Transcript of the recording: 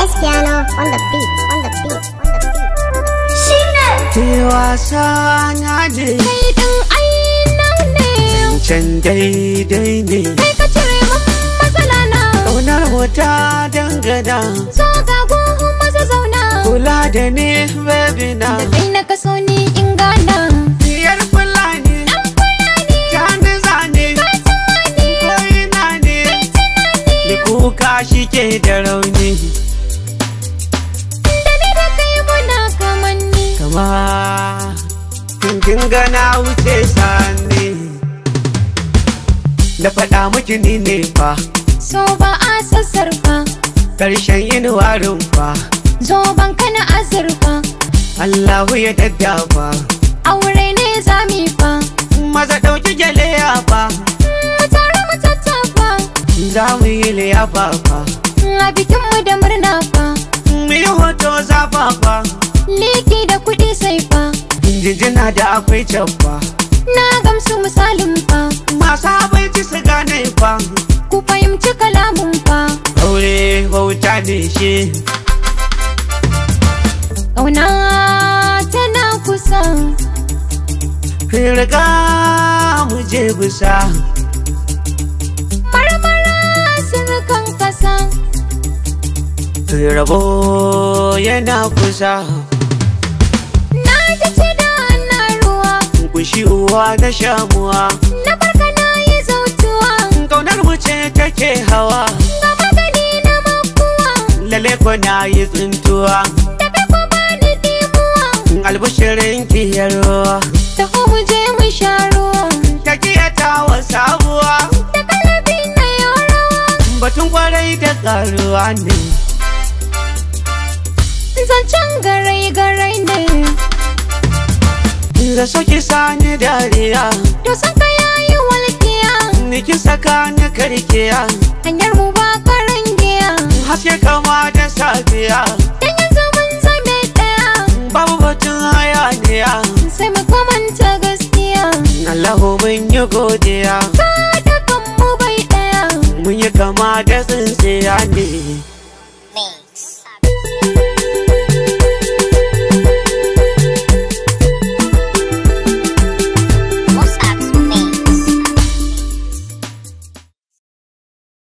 Espiano on Ke wasa na dai. Kai ɗin aina ne. Zancen daidai ne. Kai ka cire mu matsala na. ƙaunar wuta dangana. So ga gohun masa zauna. Kula da ni baby na. Da kai na kaso ne. kuka shi ke da rauni da ni da kai muna kamanni kama gana wuce sani Da faɗa miki ni ne fa so ba a sassarfa ƙarshen yin warin fa ban kana azurfa Allahu ya daddafa aure ne zami fa maza ɗauki gyale fa za mu yi liyafa fa. A mu da murna fa. Mu yi hoto za fa. Liki da kuɗi sai fa. Jinjina da akwai can fa. Na gamsu misalin fa. Masu abinci su gane fa. Ku fahimci kalamun fa. Aure bauta ne shi. Ƙauna tana kusa. Riga mu je kusa. to rabo yana kusa na ji ce da na ruwa gushi uwa da shamuwa na barka na yi zautuwa kaunar mu ce take hawa ga magani na makuwa lale ko na yi tsintuwa tafi ko ba ni dimuwa albushirin kiyarwa ta mu je mu sha ruwa ta kiyata wa sabuwa da kalabin na yorawa batun kwarai da karuwa ne da so ki sani dariya da san ka yayi walkiya ni kin saka ni karkiya hanyar mu ba karin giya haske kama da safiya dan yanzu zame daya babu batun hayaniya sai mu kamanta gaskiya Allahu mun yi godiya ka mu bai ɗaya. mun yi kama da tsintsiya ne